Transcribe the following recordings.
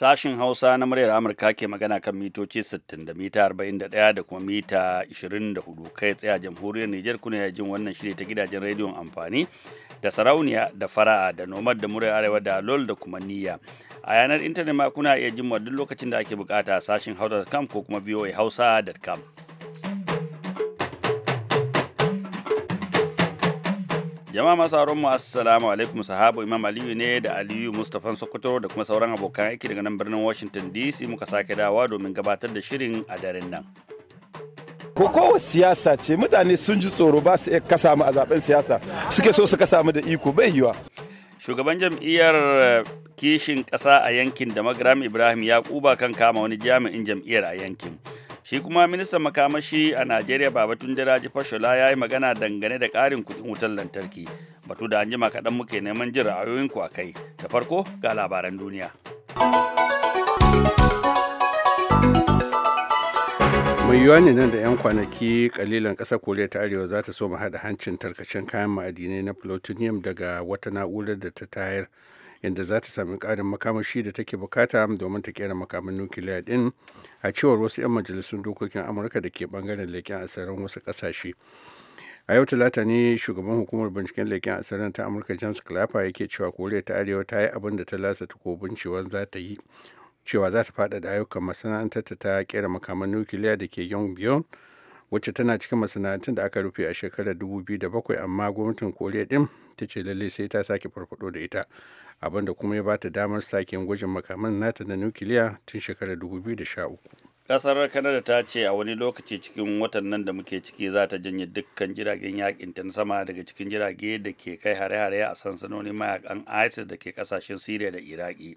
Sashin Hausa na muryar Amurka ke magana kan mitoci 60 da mita 41 da kuma mita 24 kai tsaye a jamhuriyar Nijar kuna jin wannan shirya ta gidajen rediyon amfani da sarauniya da fara'a da nomad da muryar arewa da lol da kuma niyya. A yanar intanet ma kuna iya jin duk lokacin da ake bukata sashin hausa.com ko kuma hausa.com jama'a masu sauran mu assalamu alaikum sahabu imam aliyu ne da aliyu mustapha sokoto da kuma sauran abokan aiki daga nan birnin washington dc muka sake dawa domin gabatar da shirin a daren nan ko siyasa ce mutane sun ji tsoro ba su iya kasa mu a zaben siyasa suke so su kasa mu da iko bai yiwa shugaban jam'iyyar eh, kishin kasa a yankin da magaram ibrahim ya kuba kan kama wani jami'in jam'iyyar a yankin shi kuma ministan makamashi a najeriya babatun jiraji fashola ya yi magana dangane da karin kudin wutar lantarki batu da anjima kaɗan muke neman jin ra'ayoyinku a kai da farko ga labaran duniya mai yiwuwa ne nan da 'yan kwanaki kalilan ƙasar koriya ta arewa za ta so mu haɗa hancin tarkacen kayan ma'adinai na plutonium daga wata na'urar da ta tayar yanda za ta sami karin makamashi da take bukata domin ta kera makaman nukiliya din a cewar wasu 'yan majalisun dokokin amurka da ke bangaren leƙen asirin wasu ƙasashe a yau talata ne shugaban hukumar binciken leƙen asirin ta amurka james clapper yake cewa koriya ta arewa ta yi abin da ta lasa ko cewa za ta yi cewa za ta faɗaɗa ayyukan masana'antar ta kera makaman nukiliya da ke yongbyon wacce tana cikin masana'antun da aka rufe a shekarar 2007 amma gwamnatin koriya din ta ce lalle sai ta sake farfado da ita abinda kuma ya bata damar sake gwajin makaman nata na nukiliya tun shekarar 2013 kasar kanada ta ce a wani lokaci cikin watan nan da muke ciki za ta janye dukkan jiragen yakin ta sama daga cikin jirage da ke kai hare-hare a sansanonin mayakan isis da ke kasashen syria da iraki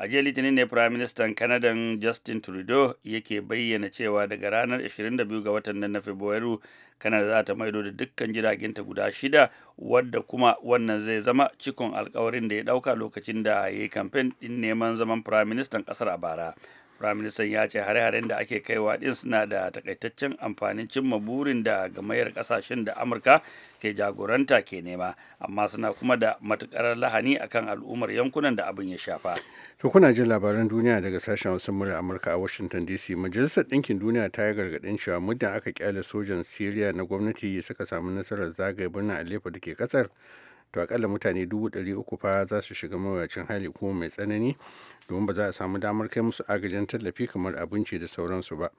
a jiya litinin ne prime minister canada justin trudeau yake bayyana cewa daga ranar 22 ga watan nan na fabrairu kanada za ta maido da dukkan jiraginta guda shida wadda kuma wannan zai zama cikon alkawarin da ya dauka lokacin da ya yi kamfen din neman zaman prime minister kasar a bara prime minister ya ce hare-haren da ake kaiwa din suna da takaitaccen amfanin cimma burin da gamayar kasashen da amurka ke jagoranta ke nema amma suna kuma da matukar lahani akan al'ummar yankunan da abin ya shafa To kuna jin labaran duniya daga sashen wasu murya Amurka a Washington DC. Majalisar Ɗinkin Duniya ta yi gargaɗin cewa muddin aka kyale sojan Siriya na gwamnati suka samu nasarar zagaye birnin Aleppo da ke ƙasar. To akalla mutane dubu ɗari uku fa za su shiga mawuyacin hali kuma mai tsanani domin ba za a samu damar kai musu agajin tallafi kamar abinci da sauransu ba.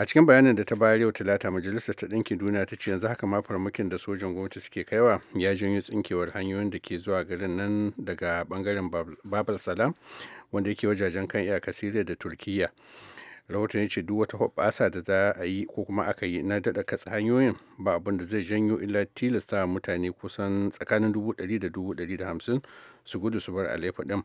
a cikin bayanin da ta bayar yau talata majalisar ta ɗinkin duniya ta ce yanzu haka ma farmakin da sojan gwamnati suke kaiwa ya janyo tsinkewar hanyoyin da ke zuwa garin nan daga bangaren babal salam wanda yake wajajen kan iyaka siriya da turkiyya rahoton ya ce duk wata hoɓasa da za a yi ko kuma aka yi na daɗa katsa hanyoyin ba abin da zai janyo illa tilasta mutane kusan tsakanin dubu ɗari da dubu ɗari da hamsin su gudu su bar alefa ɗin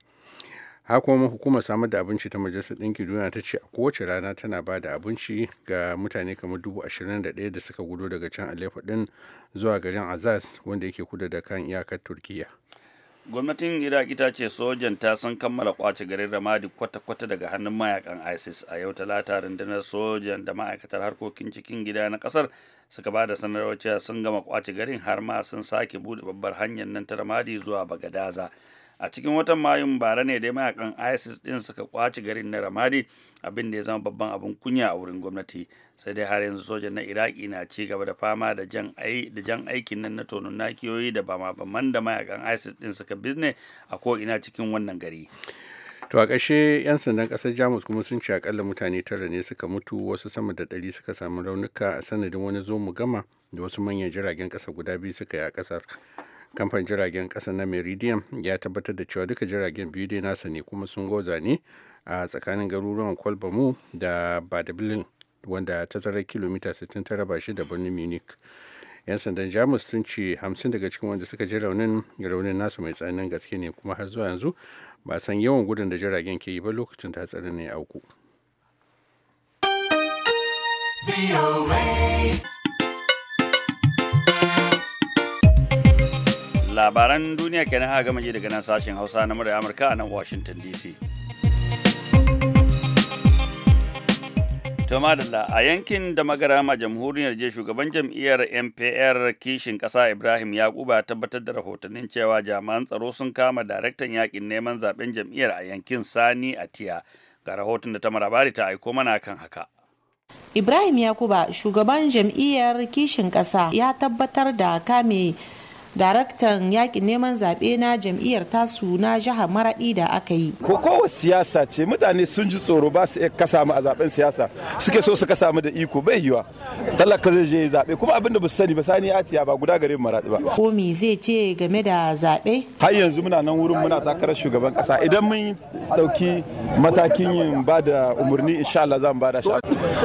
har kuma hukumar samar da abinci ta majalisar ɗinkin duniya ta ce a kowace rana tana ba da abinci ga mutane kamar dubu ashirin da ɗaya da suka gudu daga can aleppo ɗin zuwa garin azaz wanda yake kudu da kan iyakar turkiya gwamnatin iraki ta ce sojan ta san kammala kwace garin ramadi kwata-kwata daga hannun mayakan isis a yau talata rundunar sojan da ma'aikatar harkokin cikin gida na kasar suka ba da sanarwar cewa sun gama kwace garin har ma sun sake buɗe babbar hanyar nan ta ramadi zuwa bagadaza a cikin watan mayun bara ne dai mayakan isis din suka kwaci garin na ramadi abin da ya zama babban abin kunya a wurin gwamnati sai dai har yanzu sojan na iraki na ci gaba da fama da jan da jan aikin nan na tonon nakiyoyi da ma da mayakan isis din suka bizne a ko ina cikin wannan gari to a ƙashe 'yan sandan kasar jamus kuma sun ce akalla mutane tara ne suka mutu wasu sama da ɗari suka samu raunuka a sanadin wani zo mu gama da wasu manyan jiragen ƙasa guda biyu suka yi a ƙasar kamfan jiragen kasa na meridian ya tabbatar da cewa duka jiragen biyu dai nasa ne kuma sun goza ne a tsakanin garuruwan kwalbamu da badabilin wanda tazarar kilomita 60 ta raba shi da birnin munich 'yan sandan jamus sun ce 50 daga cikin wanda suka ji raunin raunin nasu mai tsananin gaske ne kuma har zuwa yanzu ba san yawan gudun da jiragen ke yi ba lokacin ta hatsarin ne auku. labaran duniya kenan haka gama daga nan sashen hausa na murya amurka a nan washington dc to madalla a yankin da magarama jamhuriyar je shugaban jam'iyyar mpr kishin kasa ibrahim yakuba tabbatar da rahotannin cewa jami'an tsaro sun kama daraktan yakin neman zaben jam'iyyar a yankin sani atiya ga rahoton da ta marabari ta aiko mana kan haka ibrahim yakuba shugaban jam'iyyar kishin kasa ya tabbatar da kame daraktan yakin neman zaɓe na jam'iyyar tasu na jihar maraɗi da aka yi. Ko kowa siyasa ce mutane sun ji tsoro ba su iya kasa mu a zaɓen siyasa suke so su kasa mu da iko bai yiwa talaka zai je zaɓe kuma abin da ba su sani ba sani atiya ba guda gare maraɗi ba. Ko me zai ce game da zaɓe? Har yanzu muna nan wurin muna takarar shugaban ƙasa idan mun ɗauki matakin yin ba da umarni insha Allah zan ba da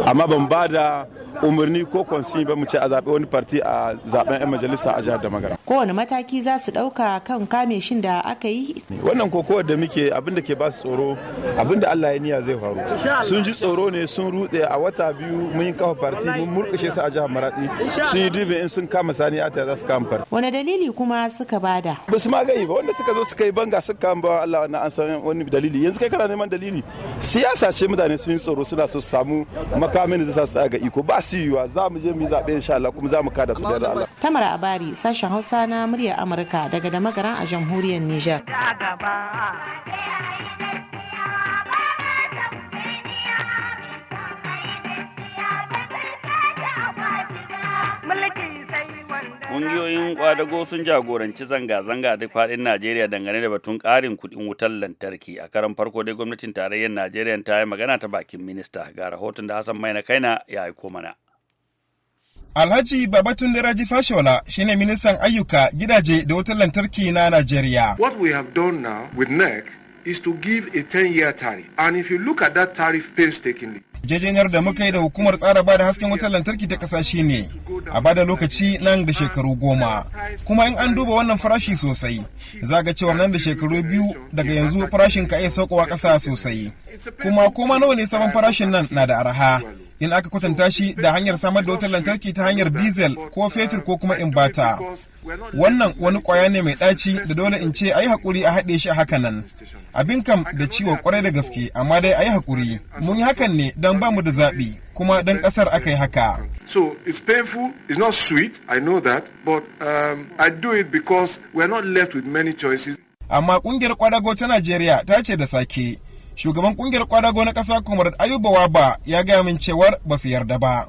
amma ban ba da umarni ko kwansi ba mu ce a zaɓe wani farti a zaɓen 'yan majalisa a jihar da magana. Kowane mataki za su ɗauka kan kame shin da aka yi? Wannan kokowar da muke abin da ke ba su tsoro abin da Allah ya niya zai faru. Sun ji tsoro ne sun rutse a wata biyu mun yi kafa farti mun murƙushe su a jihar Maraɗi sun yi dubi in sun kama sani ta za su kama farti. Wani dalili kuma suka bada? Ba su magayi ba wanda suka zo suka yi banga suka kama bawan Allah wannan an san wani dalili yanzu kai kana neman dalili siyasa ce mutane sun yi tsoro suna so su samu makamin da za su ga iko ba ba su yiwa za mu je mu zaɓe insha Allah kuma za mu kada su da Allah. Tamara Abari sashen Hausa na muryar Amurka daga da magaran a jamhuriyar Nijar. Mulkin Ƙungiyoyin ƙwadago sun jagoranci zanga-zanga duk faɗin Najeriya dangane da batun ƙarin kuɗin wutar lantarki. A karan farko dai gwamnatin tarayyar Najeriya ta yi magana ta bakin minista ga rahoton da Hassan Maina Kaina ya aiko mana. Alhaji Babatun Raji Fashola shine ministan ayyuka gidaje da wutar lantarki na Najeriya. What we have done now with NEC is to give a 10-year tariff. And if you look at that tariff painstakingly, jejeniyar da muka yi da hukumar tsara ba da hasken wutar lantarki ta kasashe ne a bada lokaci nan da shekaru goma kuma in an duba wannan farashi sosai za ga cewa nan da shekaru biyu daga yanzu farashin ka iya saukowa ƙasa sosai kuma koma nawa ne sabon farashin nan na da araha in aka kwatanta shi da hanyar samar da wutar lantarki ta hanyar diesel ko fetur ko kuma imbata wannan wani kwaya ne mai ɗaci da dole in ce a yi haƙuri a haɗe shi a haka nan abin kam da ciwo kwarai da gaske amma dai a yi haƙuri mun yi hakan ne don ba mu da zaɓi kuma don ƙasar aka yi haka so it's painful it's not sweet i know that but um, i do it because we're not left with many choices amma ƙungiyar ƙwadago ta najeriya ta ce da sake shugaban kungiyar kwadago na ƙasa comrade ayuba ba, ya gaya min cewar ba su yarda ba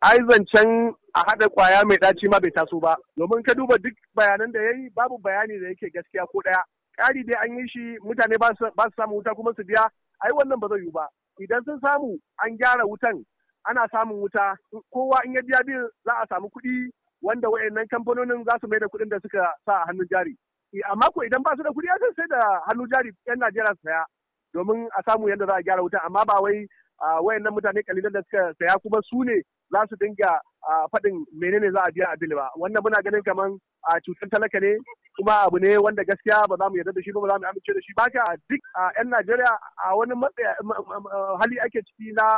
ai zancen a haɗa kwaya mai ɗaci ma bai taso ba domin ka duba duk bayanan da ya yi babu bayani da yake gaskiya ko ɗaya ƙari dai an yi shi mutane ba su samu wuta kuma su biya ai wannan ba zai yiwu ba idan sun samu an gyara wutan ana samun wuta kowa in ya biya bil za a samu kuɗi wanda wayannan kamfanonin za su mai da kuɗin da suka sa a hannun jari eh, amma ko idan ba su da kuɗi a sai da hannun jari yan Najeriya su saya domin a samu yadda za a gyara wuta amma ba wai wayannan mutane kalilan da suka saya kuma su ne za su dinga faɗin menene za a biya a bil ba wannan muna ganin kaman a cutar talaka ne kuma abu ne wanda gaskiya ba za mu yarda da shi ba ba za mu amince da shi ba ka duk yan Najeriya a wani hali ake ciki na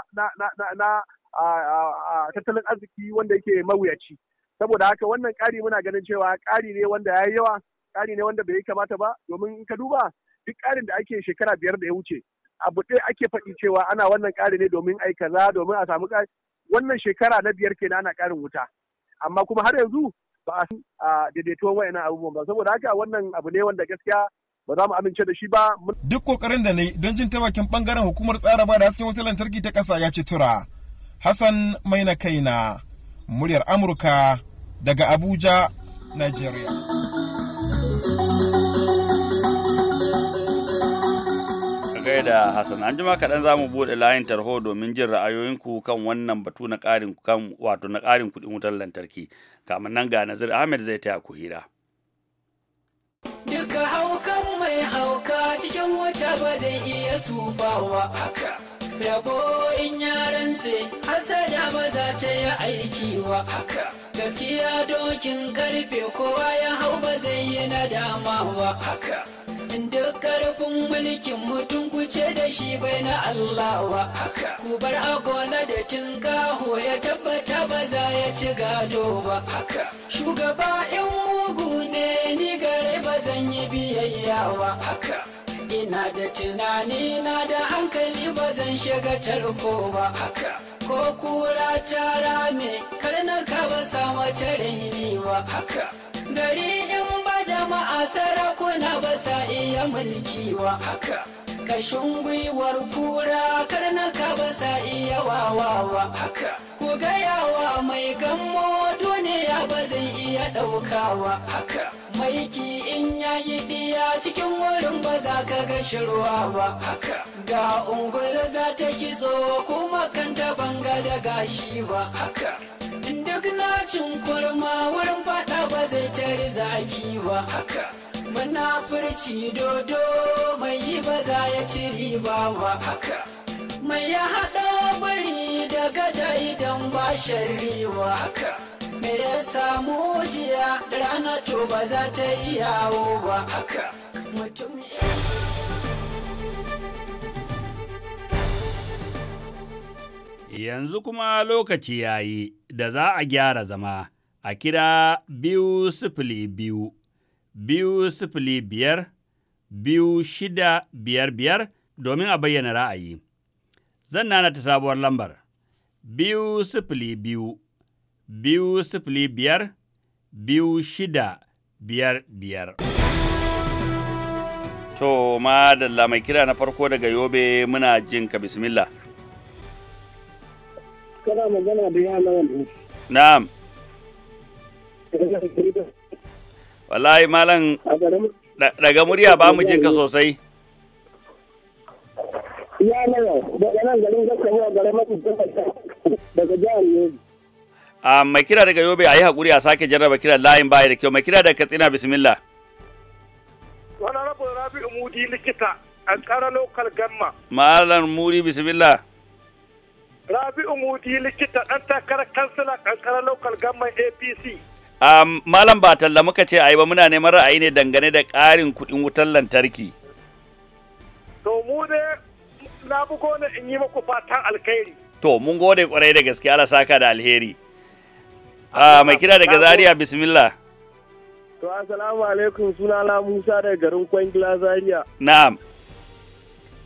tattalin arziki wanda yake mawuyaci saboda haka wannan ƙari muna ganin cewa ƙari ne wanda ya yi yawa ƙari ne wanda bai kamata ba domin in ka duba duk ƙarin da ake shekara biyar da ya wuce abu ɗaya ake faɗi cewa ana wannan ƙari ne domin ai kaza domin a samu ƙari wannan shekara na biyar kenan ana ƙarin wuta amma kuma har yanzu ba a daidaituwan wa'annan abubuwan ba saboda haka wannan abu ne wanda gaskiya ba za mu amince da shi ba. Duk kokarin da ne don jin taimakin bangaren hukumar tsara ba da hasken wutar lantarki ta ƙasa ya ci tura. Hassan Maina Kaina, muryar Amurka daga Abuja, Nigeria. da Hassan. An jima kaɗan za mu buɗe layin tarho domin jin ra'ayoyinku kan wannan batu na ƙarin kan wato na ƙarin kuɗin wutar lantarki. Kamin nan ga Nazir Ahmed zai taya ku hira. Duka haukan mai hauka cikin wuta ba zai iya sufawa haka. Rabo in yaran sai hasada ba za ta yi aiki wa haka. Gaskiya dokin karfe kowa ya hau ba zai yi nadama wa haka. duk karfin mulkin mutum ku ce da shi bai na Allah wa ku bar agola da tinkaho ya tabbata ba za ya ci gado ba shugaba in mugu ne ni gare ba zan yi biyayya ba ina da tunani na da hankali ba zan shiga tarko ba ko kura ta rame karnaka ba samu tare ni ba gari zama a sarakuna ba sa iya mulki haka kashin gwiwar kura karnaka ba sa iya wawawa haka ku gayawa mai gammo duniya ba zai iya ɗaukawa haka maiki in yayi diya cikin wurin ba za ka ga shirwa ba haka ga ungul za ta kitso kuma kanta banga da gashi ba haka magnacin kwarma wurin fada ba zai tare zaki ba haka furci dodo mai yi ba za ya ci riba ba haka mai ya haɗa bari da gada idan ba sharri ba haka mai ya samu jiya rana to ba za ta yi yawo ba haka mutum ya Yanzu kuma lokaci ya yi da za a gyara zama a kira biyu sifili biyu, biyu sifili biyar, biyu shida biyar biyar domin a bayyana ra'ayi. Zan nana ta sabuwar lambar biyu sifili biyu, biyu sifili biyar, biyu shida biyar biyar. To, ma mai kira na farko daga Yobe muna jinka bismillah. kana magana da yana wani. Na'am. Wallahi malam daga murya ba mu jinka sosai. Ya daga nan garin mafi daga jihar Yobe. A mai kira daga Yobe a yi haƙuri a sake jarraba kira layin baya da kyau. Mai kira daga Katsina bismillah. Wani rabu Rabi'u Mudi likita a tsara lokal gamma. Malam Muri bismillah. Rabi'u Mudi likita ɗan takarar kansila kankarar local government APC. Um, Malam ba talla muka ce ai ba muna neman ra'ayi ne dangane da ƙarin kuɗin wutar lantarki. To mu ne na bugo ne in yi maku fatan alkhairi. To mun gode kwarai da gaske Allah saka da alheri. Ah, mai kira daga Zaria bismillah. To assalamu alaikum sunana Musa daga garin Kwangila Zaria. Na'am.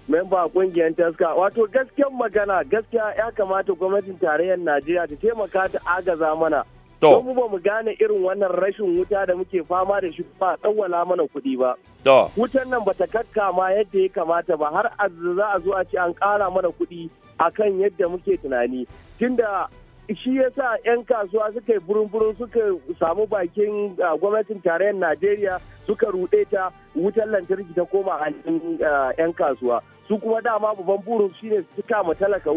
memba kungiyar taska wato gaskiyar magana gaskiya ya kamata gwamnatin tarayyar najeriya ta taimaka ta agaza mana To. mu ba mu gane irin wannan rashin wuta da muke fama da shi ba tsawwala mana kuɗi ba. To. Wutan nan bata ma yadda ya kamata ba har za a zo a ce an ƙara mana kuɗi akan yadda muke tunani. Tunda shi ya sa 'yan kasuwa suka yi burin-burin suka samu bakin ah, gwamnatin tarayyar najeriya suka ruɗe ta wutar lantarki ta koma hannun 'yan ah, kasuwa su kuma dama babban burin shine su kama talaka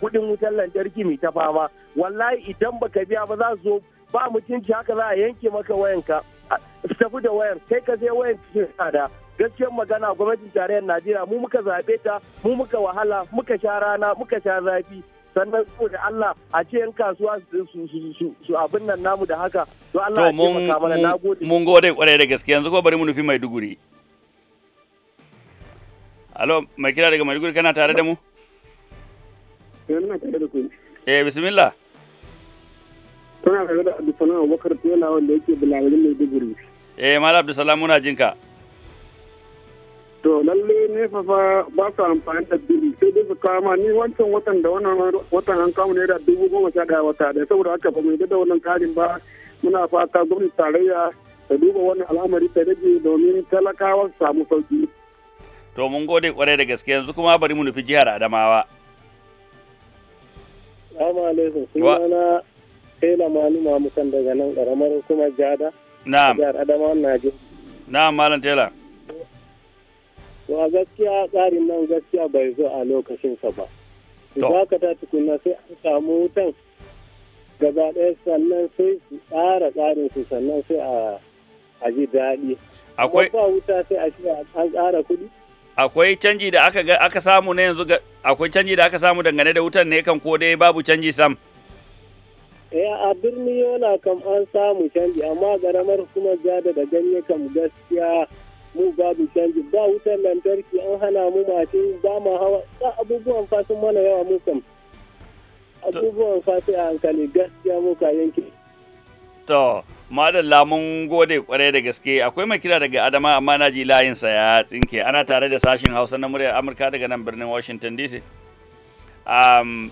kudin wutar lantarki mai ta fama wallahi idan baka biya ba za su zo ba mutunci haka za a yanke maka wayanka su tafi da wayar kai ka sai wayan cikin tsada gaskiyar magana gwamnatin tarayyar najeriya mu muka zaɓe ta mu muka wahala muka sha rana muka sha zafi sannan da Allah a ce yan kasuwa su abin nan namu da haka to Allah ya taimaka mana nagode mun gode kwarai da gaske yanzu ko bari mu nufi Maiduguri Alo mai kira daga Maiduguri kana tare da mu Eh bismillah Kuna tare da Abdulsalam Abubakar Tela wanda yake Bulawari Maiduguri Eh Malam Abdulsalam muna jinka To lalle ne fa ba su amfani da dubu sai dai su kama ni wancan watan da wannan watan an kama da dubu goma sha daya wata da saboda haka ba mai gada da wannan karin ba muna fata gwamnati tarayya ta duba wannan al'amari ta rage domin talakawa su samu sauki. To mun gode kwarai da gaske yanzu kuma bari mu nufi jihar Adamawa. Assalamu alaikum sunana Tela Maluma mamukan daga nan karamar kuma Jada. Na'am. Jihar Adamawa Najeriya. Na'am Malam Tela. wa gaskiya tsarin nan gaskiya bai zo a lokacinsa ba za ka ta tukuna sai an samu wutan gaba ɗaya sannan sai su tsara tsarin su sannan sai a ji daɗi akwai ba wuta sai a shiga an tsara kuɗi akwai canji da aka aka samu na yanzu akwai canji da aka samu dangane da wutan ne kan ko dai babu canji sam eh a birni yola kam an samu canji amma garamar kuma jada da ganye kam gaskiya mu babu canji ba wutar lantarki an hana mu mace ba mu hawa ba abubuwan fasin mana yawa mu kam abubuwan fasin a hankali gaskiya mu ka yanki to madalla mun gode kwarai da gaske akwai mai kira daga adama amma na ji layinsa ya tsinke ana tare da sashin hausa na muryar amurka daga nan birnin washington dc um,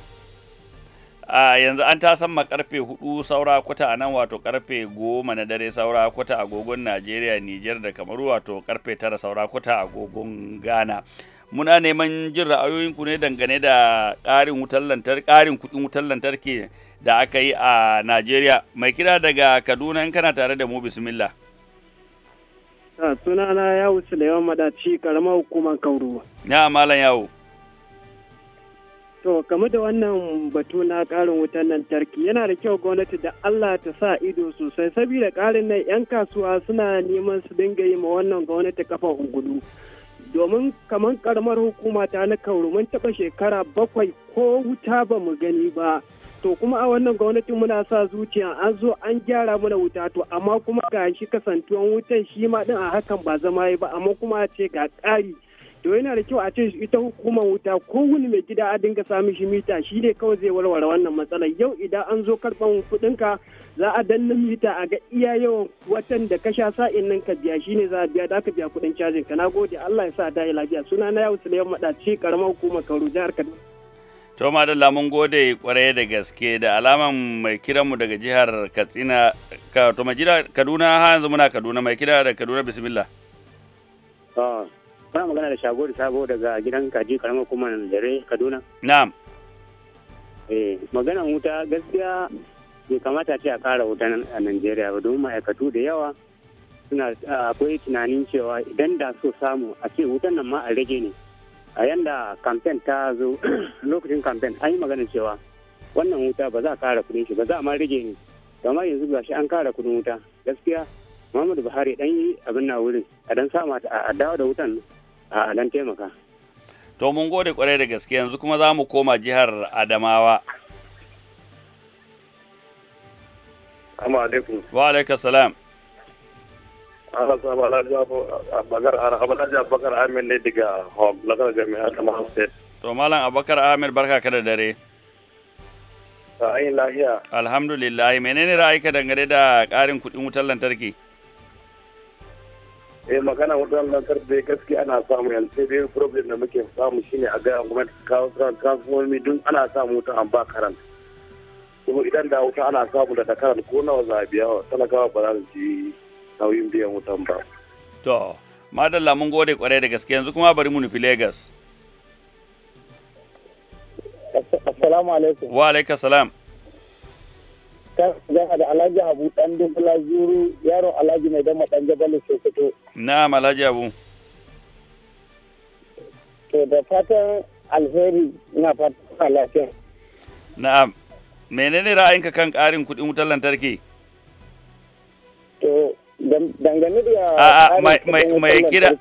a yanzu an ta samma karfe hudu saura kwata a nan wato karfe goma na dare saura kwata agogon najeriya nijar da kamaru wato karfe tara saura kwata agogon ghana muna neman jin ra'ayoyinku ne dangane da ƙarin wutar lantarki ƙarin kuɗin wutar lantarki da aka yi a Najeriya mai kira daga Kaduna in kana tare da mu bismillah ah, sunana ya wuce da yawan madaci karamar hukumar Kauru. Ya malam yawo. To game da wannan batu na ƙarin wutan lantarki yana da kyau gwamnati da Allah ta sa ido sosai saboda ƙarin nan 'yan kasuwa suna neman su dinga yi ma wannan gwamnati kafa ungulu. Domin kamar karamar hukuma ta na kauru mun taɓa shekara bakwai ko wuta ba mu gani ba. To kuma a wannan gwamnati muna sa zuciya an zo an gyara mana wuta to amma kuma ga shi kasantuwan wutan shi ma ɗin a hakan ba zama yi ba amma kuma ce ga ƙari. to yana da kyau a ce ita hukumar wuta ko wani mai gida a dinga samun shi mita shi ne kawai zai warware wannan matsalar yau idan an zo karban kudinka za a danna mita a ga iya yawan watan da ka sha sa'in nan ka biya shi ne za a biya da ka biya kuɗin cajin ka na gode Allah ya sa da lafiya suna na yau Suleiman Madaci karamar hukumar Kano jihar Kaduna To Madalla mun gode kwarai da gaske da alaman mai kiranmu daga jihar Katsina ka to Kaduna har yanzu muna Kaduna mai kira da Kaduna bismillah. Ah, kuna magana da shagori sabo daga gidan kaji karamar kuma na dare kaduna na'am eh maganan wuta gaskiya bai kamata ce a kara wuta a najeriya ba domin ma'aikatu da yawa suna akwai tunanin cewa idan da so samu a ce wutan nan ma a rage ne a yanda kamfen ta zo lokacin kamfen an yi magana cewa wannan wuta ba za a kara kudin shi ba za a ma rage ne kamar yanzu ba shi an kara kudin wuta gaskiya muhammadu buhari dan yi abin na wurin a dan sama a dawo da wutan a nan taimaka to mun gode kwarai da gaske yanzu kuma za mu koma jihar adamawa Amma alaikum. Wa alaika salam. ana saba bakar abalaji abakar amir ne daga lakar jami'a ta mahaifiyar to malam abakar amir barka ka da dare ayin lahiya alhamdulillah menene ra'ayi ka dangane da ƙarin kuɗin wutar lantarki eh magana wutan lantar da gaskiya ana samu yanzu sai dai problem da muke samu shine a ga gwamnati kawo transformi dun ana samu wuta an ba karanta kuma idan da wuta ana samu da karanta ko nawa za a biya wa talakawa ba za su ji nauyin biyan wutan ba. to madalla mun gode kwarai da gaske yanzu kuma bari mu nufi lagos. assalamu alaikum. wa alaikum salam. gana da Alhaji Abu dan Dubula Zuru yaron Alhaji mai dama dan Jabalin Sokoto. Na'am Alhaji Abu. To da fatan alheri na fatan lafiya. Na'am. Menene ra'ayinka kan ƙarin kuɗin wutar lantarki? To dangane da a mai kira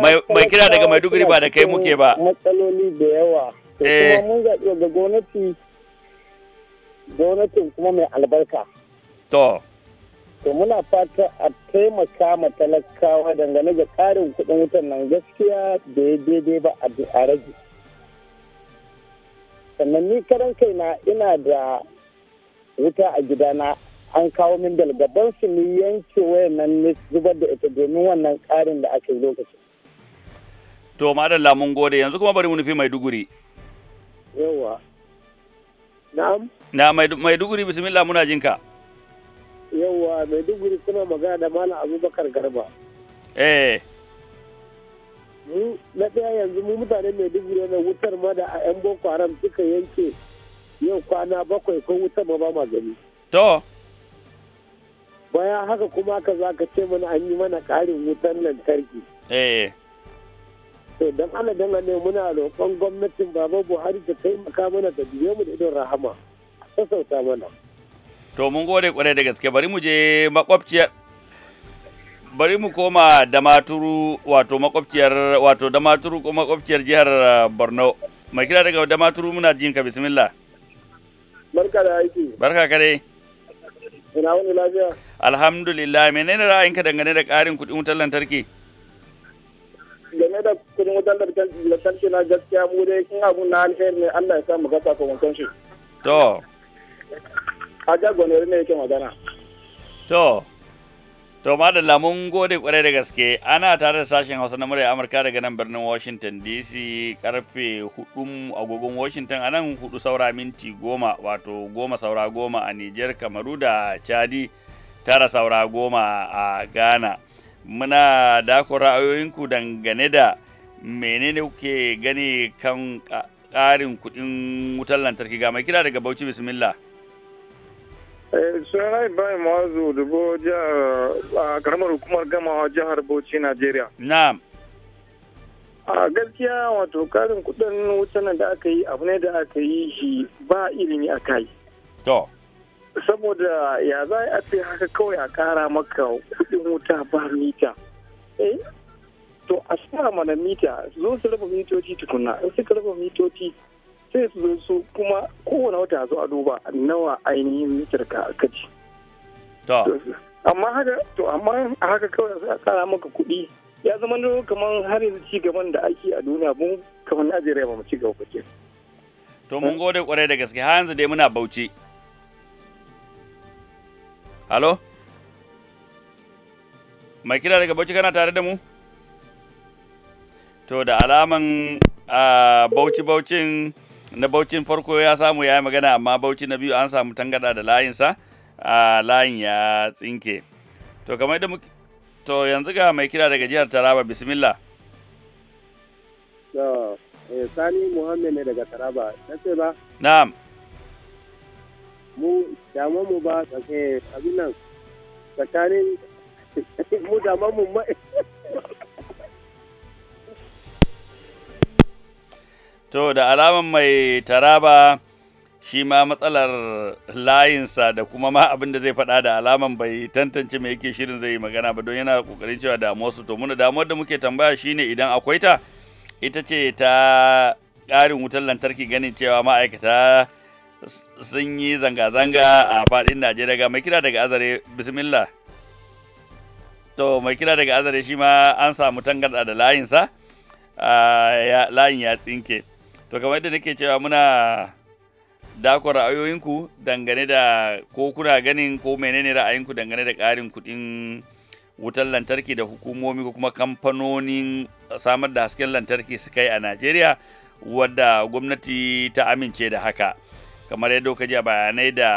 mai kira daga Maiduguri ba da kai muke ba. Matsaloli da yawa. Eh. Kuma mun ga gwamnati gwamnatin kuma mai albarka. To. To muna fata a taimaka ma talakawa dangane da karin kuɗin wutan nan gaskiya da ya daidai ba a rage. Sannan ni karan kaina ina da wuta a gidana an kawo min dalgaban su ni yanke wayan nan ne zubar da ita domin wannan karin da aka yi lokacin. To madalla mun gode yanzu kuma bari mu nufi Maiduguri. Yawwa. Na'am. Na Maiduguri bismillah muna jinka. Yawwa Maiduguri kuna magana da Malam Abubakar Garba. Eh. na ɗaya yanzu mu mutane Maiduguri na wutar ma da a 'yan Boko Haram suka yanke yau kwana bakwai ko wutar ma ba ma To. Baya haka kuma ka za ka ce mana an yi mana ƙarin wutar lantarki. Eh. to dan Allah dan ne muna roƙon gwamnatin baba Buhari ta taimaka mana da biye mu da idon rahama sassauta mana to mun gode kwarai da gaske bari mu je makwabciyar bari mu koma da maturu wato makwabciyar wato da maturu ko makwabciyar jihar Borno mai kira daga da maturu muna jin ka bismillah barka da aiki barka kare ina wani lafiya alhamdulillah menene ra'ayinka dangane da ƙarin kuɗin wutar lantarki game da kudin wutar lantarki na gaskiya mu dai kin abu na alheri ne Allah ya sa mu gasa ko mun shi. To. A jagonori ne yake magana. To. To madalla mun gode kwarai da gaske ana tare da sashen Hausa na murya Amurka daga nan birnin Washington DC karfe 4 agogon Washington a nan 4 saura minti 10 wato 10 saura 10 a Nijar Kamaru da Chadi tara saura 10 a Ghana. muna dako ra'ayoyinku dangane da menene kuke gani kan ƙarin kuɗin wutar lantarki ga mai kira daga bauchi bismillah eh, suna bayan mawazu dubo a karamar hukumar gamawa jihar bauchi nigeria na'am a gaskiya wato karin kudin wutan da aka yi abu ne da aka yi shi ba ilimi a kai to saboda ya za a ce haka kawai a kara maka kudin wuta ba mita eh to a sa mana mita zo su raba mitoci tukuna in suka raba mitoci sai su zo su kuma kowane wata zo a duba nawa ainihin mitar ka aka ci amma haka to amma a haka kawai sai a kara maka kuɗi ya zama ne kamar har yanzu ci gaban da ake a duniya mun kamar Najeriya ba mu ci gaba ba to mun gode kwarai da gaske har yanzu dai muna bauchi Halo? Mai kira daga Bauchi kana tare da mu? To da alaman bauchi Bauchin na Bauchin farko ya samu ya yi magana amma Bauchi na biyu an samu tangada da layinsa a layin ya tsinke. To kamar da muke To yanzu ga mai kira daga jihar Taraba bismillah. Eh, Sani Muhammad ne daga Taraba, na ce ba? Na'am. mu damar mu ba abin nan tsakanin mu damar mu ma to da alaman mai taraba shi ma matsalar layinsa da kuma ma abin da zai faɗa da alaman bai tantance mai yake shirin zai yi magana ba don yana kokarin cewa damuwar su to muna damuwar da muke tambaya shine idan akwai ta ita ce ta ƙarin wutar lantarki ganin cewa ma'aikata sun yi zanga-zanga a faɗin Najeriya ga mai kira daga azare bismillah. To mai kira daga azare shi ma an samu tangarɗa da layinsa, layin ya tsinke. To kamar yadda nake cewa muna dako ra'ayoyinku dangane da ko kuna ganin ko menene ra'ayinku dangane da ƙarin kuɗin wutar lantarki da hukumomi ko kuma kamfanonin samar da hasken lantarki su kai a Najeriya wadda gwamnati ta amince da haka. kamar yadda kuka ji a bayanai da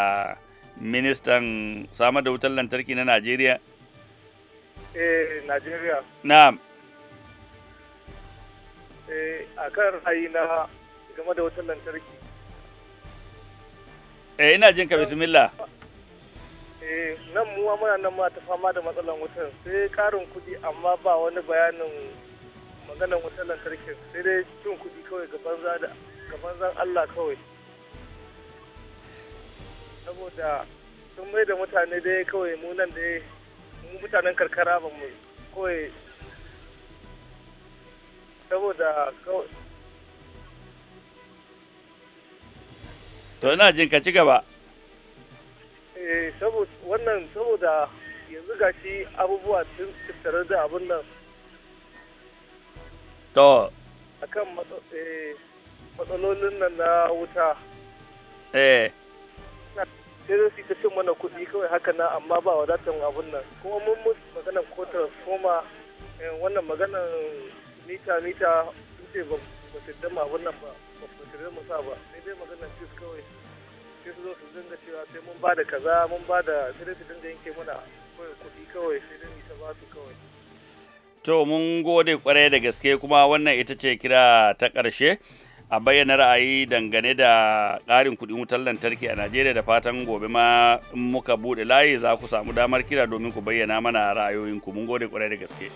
ministan samar da wutar lantarki na Najeriya? Eh, Najeriya. Na'am. Eh, a kan ra'ayi na game da wutar lantarki. Eh, ina jin ka bismillah. Eh, nan muwa muna nan ma ta fama da matsalan wutar sai karin kuɗi amma ba wani bayanin maganan wutar lantarki sai dai cin kuɗi kawai ga banza Allah kawai. saboda sun mai da mutane dai kawai munan da dai mu mutanen karkara ba mu kawai saboda kawai to ina jin ka ci gaba eh saboda wannan saboda yanzu gashi abubuwa sun tattara da abun nan to akan eh, matsalolin nan na wuta eh sai zai ta cin mana kuɗi kawai haka na amma ba wadatar abun nan kuma mun musu maganar ko transformer eh, wannan maganar mita mita ce ba ba su dama abun nan ba ba su dama sa ba sai dai maganar fis kawai sai su zo su dinga cewa sai mun ba da kaza mun ba da sai dai su dinga yanke mana kuɗi kawai sai dai ta ba su kawai. To mun gode kwarai da gaske kuma wannan ita ce kira ta ƙarshe. a bayyana ra'ayi dangane da ƙarin kuɗin wutar lantarki a najeriya da fatan gobe ma in muka buɗe layi za ku samu damar kira domin ku bayyana mana ra'ayoyinku mun gode ƙwarai da gaske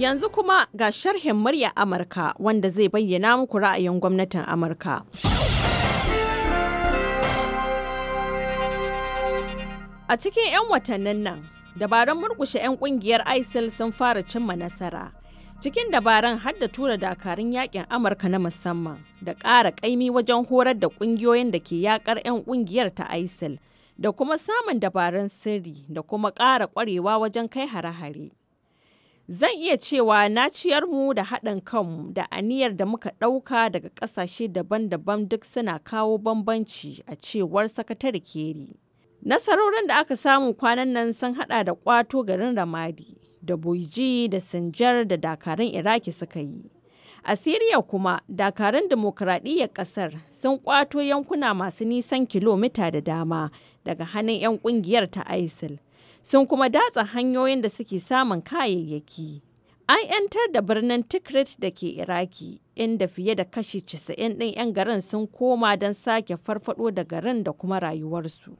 yanzu kuma ga sharhin murya amurka wanda zai bayyana muku ra'ayin gwamnatin amurka a cikin 'yan watannin nan dabarun murkushe 'yan kungiyar isil sun fara cimma nasara cikin dabaran har da tura dakarun yakin amurka na musamman da ƙara ƙaimi wajen horar da ƙungiyoyin da ke yakar 'yan ƙungiyar ta isil da kuma samun dabarun sirri da kuma ƙara ƙwarewa wajen kai hare-hare zan iya cewa na ciyar mu da haɗin kanmu da aniyar da muka ɗauka daga ƙasashe daban-daban duk suna kawo bambanci a cewar sakatare keri nasarorin da aka samu kwanan nan sun haɗa da ƙwato garin ramadi da boiji da sinjar da dakarun iraki suka yi a siriya kuma dakarun demokuraɗiyyar ƙasar sun ƙwato yankuna masu nisan kilomita da dama daga hannun 'yan ƙungiyar ta isil sun kuma datsa hanyoyin da suke samun kayayyaki an 'yantar da birnin tikrit da ke iraki inda fiye da kashi 90 ɗin 'yan garin sun koma don sake farfado da garin da kuma rayuwarsu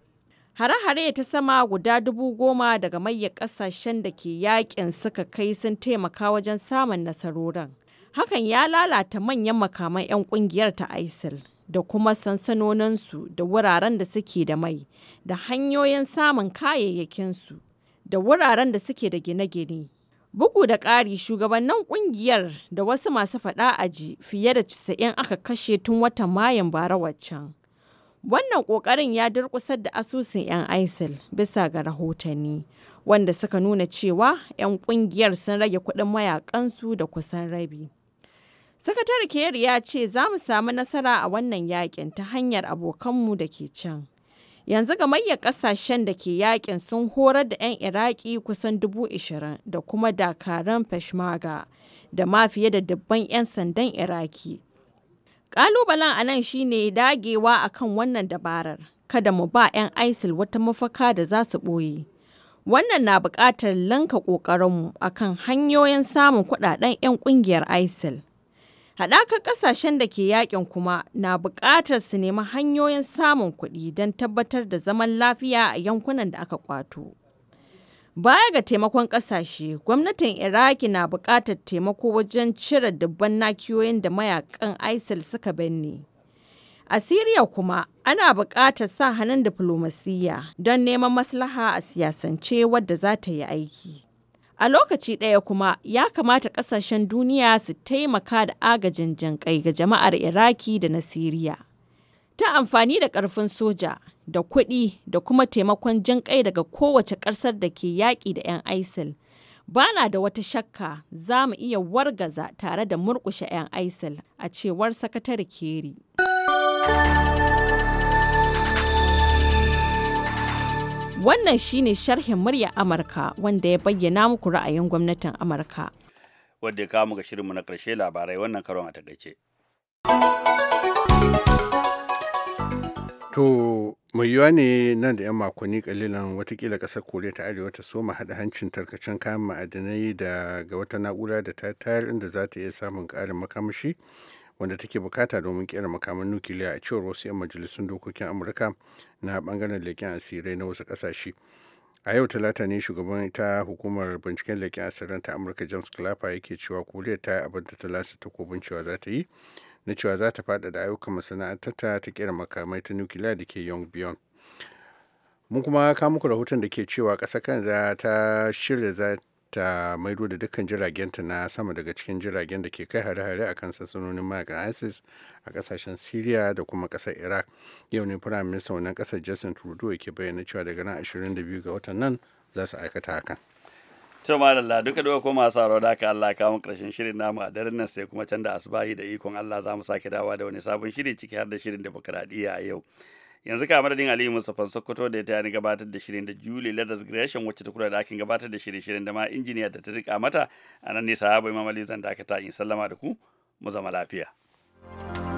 Hare-hare ta sama guda dubu goma daga mayyar ƙasashen da ke yakin suka kai sun taimaka wajen samun nasarorin. Hakan ya lalata manyan makaman 'yan ƙungiyar ta ISIL da kuma sansanoninsu da wuraren da suke da mai, da hanyoyin samun kayayyakinsu, da wuraren da suke da gine-gine. Bugu da ƙari shugabannin ƙungiyar da wasu masu faɗa aji fiye da 90 aka kashe tun watan Mayan bara waccan. Wannan ƙoƙarin ya durƙusar da asusun 'yan ISIL bisa ga rahotanni, wanda suka nuna cewa 'yan ƙungiyar sun rage kuɗin mayakansu da kusan rabi. Sakatare Kerr ya ce za mu samu nasara a wannan yakin ta hanyar abokanmu da ke can. yanzu ga gamayyar kasashen da ke yakin sun horar da 'yan iraki kusan dubu ishirin da kuma dakaran peshmerga da ma fiye da dubban 'yan sandan iraki Ƙalubalen a nan shi ne dagewa a kan wannan dabarar, kada mu ba 'yan ISIL wata mafaka da za su ɓoye. Wannan na buƙatar lanka ƙoƙarinmu a kan hanyoyin samun kuɗaɗen 'yan ƙungiyar ISIL. Haɗakar ƙasashen da ke yaƙin kuma na buƙatar su nemi hanyoyin samun kuɗi don tabbatar da zaman lafiya a yankunan da aka ƙwato. Baya ga taimakon kasashe, gwamnatin Iraki na buƙatar taimako wajen cire dubban nakiyoyin da mayakan ISIL suka binne. A Siriya kuma ana buƙatar sa hannun diflomasiyya don neman maslaha a siyasance wadda za ta yi aiki. A lokaci ɗaya kuma ya kamata ƙasashen duniya su taimaka da agajin jinƙai ga jama'ar Iraki da na Siriya. Ta amfani da ƙarfin soja da kuɗi da kuma taimakon jan ƙai daga kowace ƙasar da ke yaƙi da 'yan ISIL. Bana da wata shakka za mu iya wargaza tare da murƙushe 'yan ISIL a cewar sakatare Keri. Wannan shine sharhin murya Amurka wanda ya bayyana muku ra'ayin gwamnatin Amurka. Wadda ya kawo shirin shirinmu na ƙarshe labarai wannan karon a takaice. To mai yiwuwa ne nan da 'yan makonni kalilan watakila kasar koriya ta arewa ta soma haɗa hancin tarkacen kayan ma'adanai ga wata na'ura da ta tayar inda za ta iya samun ƙarin makamashi wanda take bukata domin kera makaman nukiliya a cewar wasu 'yan majalisun dokokin amurka na bangaren leƙen asirai na wasu ƙasashe a yau talata ne shugaban ita hukumar binciken leƙen asirin ta amurka james clapper yake cewa koriya ta yi abin da ta lasa takobin cewa za ta yi na cewa za ta faɗaɗa ayyukan masana'antarta ta kera makamai ta nukiliya da ke yongbyon mun kuma kawo muku rahoton da ke cewa ƙasar kanada ta shirya za ta maido da dukkan jiragenta na sama daga cikin jiragen da ke kai hare-hare a kan sansanonin mayakan isis a kasashen syria da kuma ƙasar iraq yau ne firayim minista wannan kasar justin trudeau ke bayyana cewa daga ran 22 ga watan nan za su aikata hakan to madalla duka duka koma saro da ka Allah kawo karshen shirin namu a daren nan sai kuma can da asubahi da ikon Allah za mu sake dawa da wani sabon shiri ciki har da shirin demokradiyya a yau yanzu ka madadin Aliyu Mustafa Sokoto da ya ni gabatar da shirin da Julie Ladas Gresham wacce ta kula da akin gabatar da shirin shirin da ma injiniya da ta rika mata a nan ne sahaba Imam zan dakata in sallama da ku mu zama lafiya. thank you